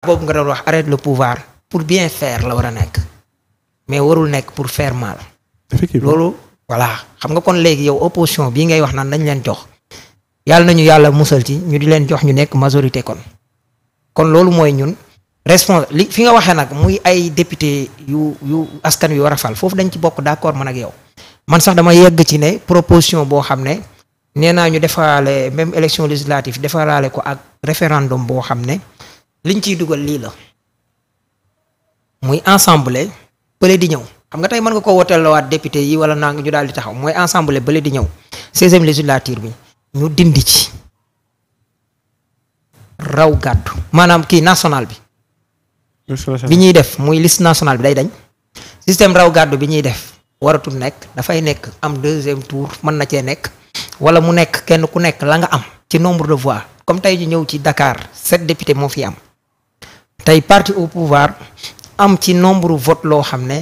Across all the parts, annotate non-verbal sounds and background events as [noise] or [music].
boobu nga doon wax arrête le pouvoir pour bien faire la war a nekk mais warul nekk pour faire mal. loolu voilà xam nga kon léegi yow opposition bii ngay wax naan lañ leen jox. yàlla nañu yàlla musal ci ñu di leen jox ñu nekk majorité kon kon loolu mooy ñun respons li fi nga waxee nag muy ay député yu yu askan wi war a fal foofu dañ ci bokk d'accord mën ak yow. man sax dama yegg ci ne proposition boo xam ne nee naa ñu defaale même élection législative defaale ko ak référendum boo xam ne. liñ ciy dugal lii la muy ensemble bële di ñëw xam nga tey mën nga ko waat député yi wala naa ñu daal di taxaw mooy ensemble bële di ñëw seizième législature bi ñu dindi ci raw gàddu maanaam kii national bi bi ñuy def muy list nationale bi day dañ système raw gàddu bi ñuy def waratul nekk dafay nekk am deuxième tour mën na cee nekk wala mu nekk kenn ku nekk la nga am ci nombre de voix comme tey ji ñëw ci dakaar set députés moo fi am tey parti au pouvoir am ci nombre vote loo xam ne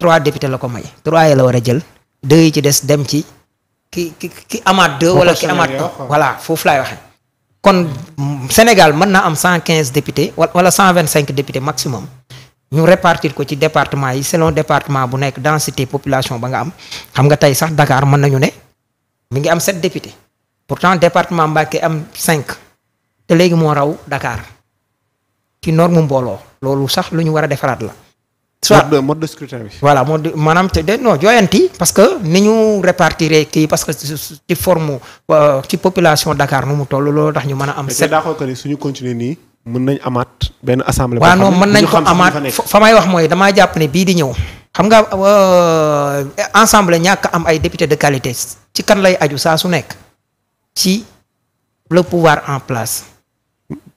trois députés la ko may trois yi la war a jël deux yi ci des dem ci ki ki ki amaat deux wala ki amaat voilà foofu laay waxee kon Sénégal mën na am cent quinze députés wala cent vingt cinq députés maximum ñu répartir ko ci département yi selon département bu nekk densité population ba nga am xam nga tey sax dakaar mën nañu ne mu ngi am sept députés pourtant département Mbacké am cinq te léegi moo raw dakaar ci norme mbooloo loolu sax lu ñu war a defaraat la. soit mode de scrutin bi. voilà mode maanaam te de non jooyanti parce que ni ñu répartir kii parce que ci forme euh, ci population Dakar nu mu toll loolu tax ñu mën a am. set suñu continuer nii. mun nañ amaat benn assemblée. waaw mën nañ ko amaat fa may wax mooy damaa jàpp ne bii di ñëw. xam nga euh, ensemble ñàkk am ay député de qualité ci kan lay aju saa su nekk ci le pouvoir en place.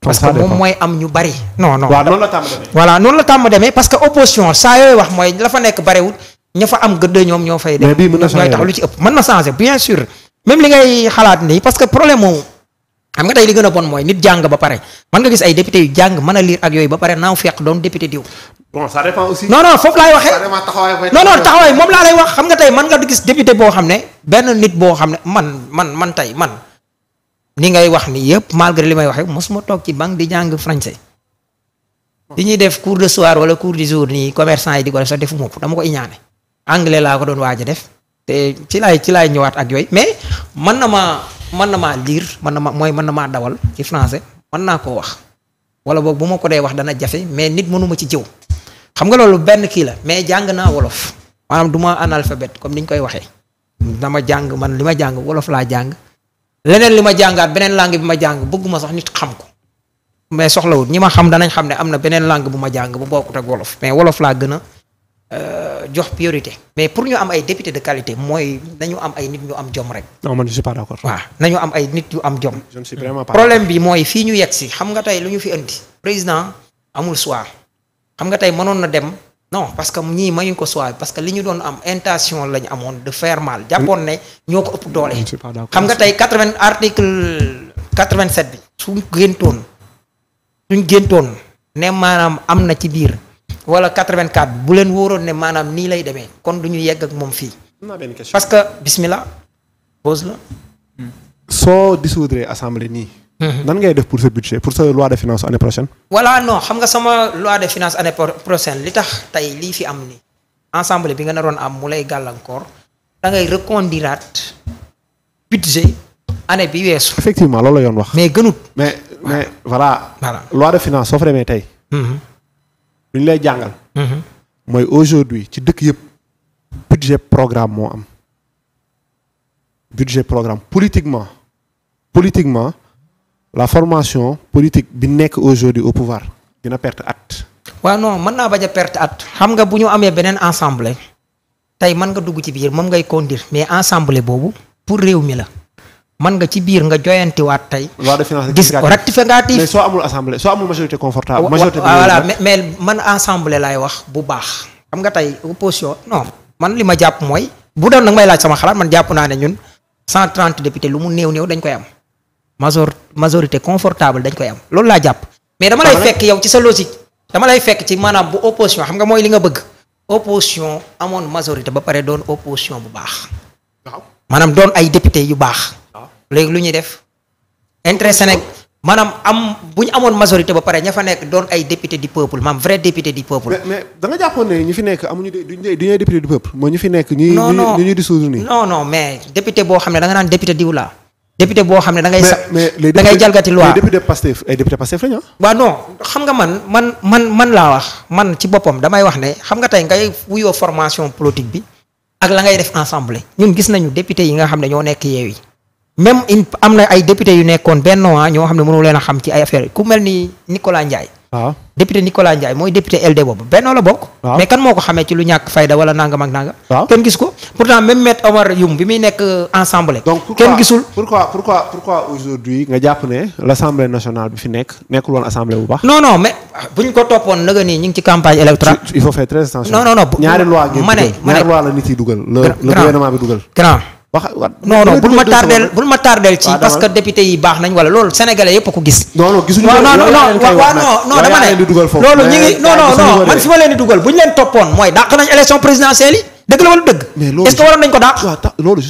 parce que moom mooy am ñu bari. non non waaw noonu la tàmm demee. voilà noonu parce que opposition saa yooyu wax mooy la fa nekk bariwul ña fa am gëdd ñoom ñoo fay. mais ñooy li ngay xalaat ba pare mën nga gis a lire ak yooyu ba pare naaw fekk doon député diw. bon ça taxawaay moom laa lay wax xam nga tey mën nga gis député boo xam ne benn nit boo xam ne man man man tey man li ngay wax nii yëpp malgré li may wax yëpp mosuma toog ci banque di jàng français. li ñuy def cours de soir wala cours du jour nii commerçant yi di ko def sax defu mopp dama ko iñaane anglais laa ko doon waaj a def te ci laay ci ñëwaat ak yooyu mais man na maa mën na maa lire mën na ma mooy mën na maa dawal ci français mën naa koo wax wala boog bu ma ko dee wax dana jafe mais nit mënuma ci jëw xam nga loolu benn kii la mais jàng naa wolof maanaam du ma analphabète comme ni ñu koy waxee dama jàng man li ma jàng wolof laa jàng leneen li ma jàngaat beneen langue bi ma jàng bëgguma sax nit xam ko mais soxlawut ñi ma xam danañ xam ne am na beneen langue bu ma jàng bu bokkut ak wolof mais wolof laa gën a euh, jox priorité. mais pour ñu am ay député de qualité mooy nañu am ay nit ñu am jom rek. non man je suis pas nañu am ay nit yu am jom. je ne suis vraiment pas problème bi mooy fii ñu yegg si xam nga tey lu ñu fi indi. président amul choix xam nga tey mënoon na dem. non parce que ñii mayuñ ko soit parce que li ñu doon am intention lañu amoon de faire mal jàppoon ne ñoo ko ëpp doole. xam nga tey quatre vingt article quatre vingt sept bi. suñ géntoon suñ géntoon ne maanaam am na ci biir wala quatre vingt quatre bu leen wóoroon ne maanaam nii lay demee kon du ñu yegg ak moom fii. parce que bismillah pause la. Hmm. soo dissoudre assemblée nii. Mhm. nan ngay def pour sa budget pour sa loi de finance année prochaine. voilà non xam nga sama loi de finance année prochaine li tax tey lii fi am ni ensemble bi nga naroon am mu lay gàllankoor da reconduiraat budget année bi weesu. effectivement loolu la yoon wax. mais gënut. mais mais voilà. voilà loi de finance soo fa demee tey. Mhm. lu ñu lay jàngal. Mhm. mooy aujourd'hui ci dëkk yëpp budget programme moo am budget programme politiquement. la formation politique bi nekk aujourd'hui au pouvoir dina perte at. waa no mën naa bañ a perte at. xam nga bu ñu amee beneen assemblée tey mën nga dugg ci biir moom ngay conduire mais assemblée boobu pour réew mi la. mën nga ci biir nga joyantiwaat tey. loi de finances rectificative gis rectificative. mais soo amul assemblée soo amul majorité confortable. majorité voilà mais man assemblée laay wax bu baax. xam nga tey opposition no man li ma jàpp mooy. bu doon nag may laaj sama xalaat man jàpp naa ne ñun 130 députés lu mu néew néew dañ koy am. major masorité confortable dañ koy am loolu laa jàpp. mais dama lay fekk yow ci sa logique. dama lay fekk ci maanaam bu opposition xam nga mooy li nga bëgg. opposition amoon majorité ba pare doon opposition bu baax. waaw maanaam doon ay député yu baax. léegi lu ñuy def. intérêt Sénégal am bu ñu amoon majorité ba pare ña fa nekk doon ay député du peuple maam vrai député du peuple. mais mais jàppoon ne ñu fi nekk amuñu duñ duñu député du peuple mooy ñu fi nekk. ñu ñuy ñuy dissoudre nii. non non mais député boo xam ne da naan député diw laa. député boo xam ne da ngay. mais da ngay jalgati loi député Pastef ay député Pastef lañu ah. waaw xam nga man man man man laa wax man ci boppam damay wax ne xam nga tey ngay wuyoo formation politique bi ak la ngay def ensemble ñun gis nañu député yi nga xam ne ñoo nekk Yewwi même in am na ay député yu nekkoon benn waa ah, ñoo xam ne mënu leen a xam ci ay affaire ku mel ni Nicolas Ndiaye waaw député Nicolas Ndiaye mooy député LD boobu bennoo la bokk mais kan moo ko xamee ci lu ñàkk fayda wala nangam ak nangam waaw kenn gis ko pourtant même maître Omar Youm bi muy nekk euh, ensemble donc kenn gisul aujourd'hui nga jàpp ne l'assemblée nationale bi fi nekk nekkul woon assemblée bu baax non mais ah, bu ko toppoon naga nii ñu ci campagne électorale il faut faire très attention non non non ñaari loi la nit yi dugal le gouvernement grand wax non non bul ma tardeel bul ma tardeel ci parce que député yi baax nañ wala loolu sénégalais yëpp a ko gis. non non gisuñu man fi ma leen di dugal bu ñu leen toppoon mooy dàq nañ élection présidentielle yi dëgg la wala dëgg. mais loolu est-ce que waroon nañ ko dàq. waaw loolu je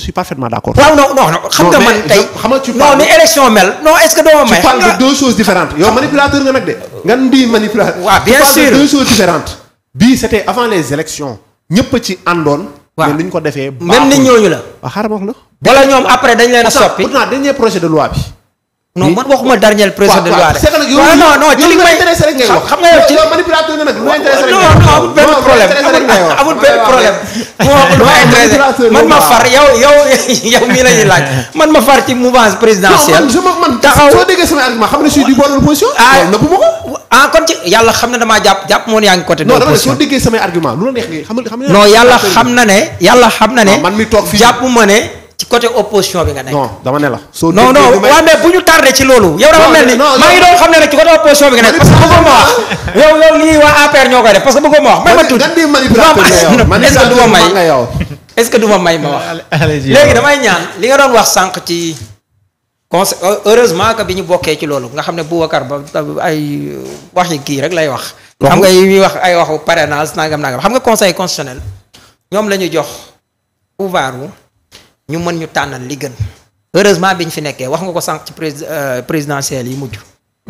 ni élection mel. non est que doo may. xam nga tu deux choses différentes yow manipulateur nga nag de. nga di manipulateur. waaw bien sûr tu parles de avant les élections ñëpp ci waaw mais ñu ko defee. même nit ñooñu la. wax la. wala ñoom après dañ leen a soppi pourtant dernier projet de loi bi. non man waxuma dernier projet de loi rek. waaw non benn problème amul benn problème man ma far yow yow yow mii la laaj man ma far ci mouvance présidentielle. taxaw soo déggee xam ne je ah. ko. ah kon ci yàlla xam na dama jàpp jàpp moon yaa ngi côté. non dama ne soo déggee la xam yàlla xam na ne. yàlla xam na ne jàpp ma ne. ci côté opposition bi nga nekk. non dama ne la. soo bu ñu tardé ci loolu. yow dafa mel ni maa ngi doon xam ne rek ci côté opposition bi nga nekk. parce que ma wax [laughs] yow yow lii waa APR ñoo koy def parce que ma wax. may ma tuuti man est may est-ce may ma wax. léegi damay ñaan li nga doon wax sànq ci conse heureusement que bi ñu bokkee ci loolu nga xam ne Boubacar ba ay euh, waxi kii rek lay wax. xam nga yi wax ay waxu parrainage nangam nangam xam nga conseil constitutionnel ñoom la ñu jox wu ñu mën ñu tànnal li gën. heureusement bi ñu fi nekkee wax nga ko sànq ci euh, présidentielle yi mujj.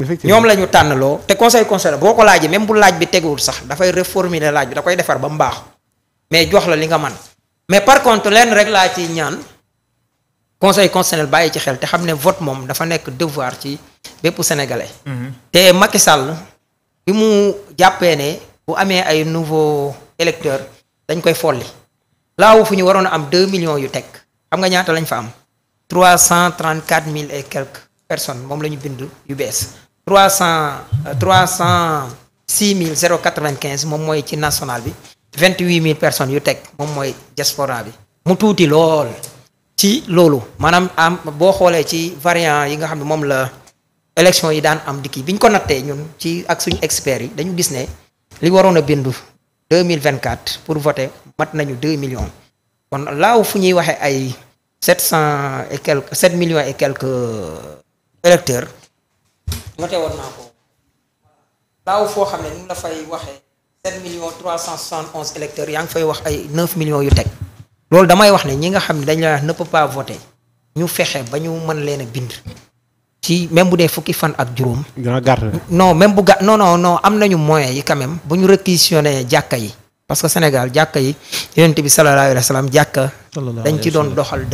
effectivement ñoom la ñu tànnaloo te conseil constitutionnel boo ko laajee même bu laaj bi teguwul sax dafay reformuler laaj bi da koy defar ba mu baax mais jox la li nga man conseil constitutionnel bàyyi ci xel te xam ne vote moom dafa nekk devoir ci bépp sénégalais. Mhm. te Macky Sall bi mu jàppee ne bu amee ay nouveau électeur dañ koy folli laaw fu ñu waroon am deux millions yu teg xam nga ñaata lañ fa am trois cent trente quatre mille et quelques personnes moom la ñu bind yu bees trois cent euh, trois cent six mille zéro quatre vingt quinze moom mooy ci national bi vingt huit mille personnes yu teg moom mooy diaspora bi mu tuuti lool. ci loolu maanaam am boo xoolee ci variant yi nga xam ne moom la élection yi daan am dikki bi biñ ko nattee ñun ci ak suñu experts yi dañu gis ne li waroon a bindu deux mille vingt quatre pour voter mat nañu deux millions kon laaw fu ñuy waxee ay sept cent et quelques sept millions et quelques électeurs noté woon naa ko laaw foo xam ne ñu la fay waxee sept millions trois cent soixante onze électeurs yaa ngi fay wax ay neuf millions yu teg. loolu damay wax ne ñi nga xam ne dañ la wax ne peut pas voter ñu fexe ba ñu mën leen a bind. ci même bu dee fukki fan ak juróom. dina gàtt non même bu gàtt non no no am nañu moyens yi quand même bu ñu réquisitionné jàkka yi parce que Sénégal jàkka yi yonent bi sallallahu alayhi wa sallam jàkka. dañ ci doon doxal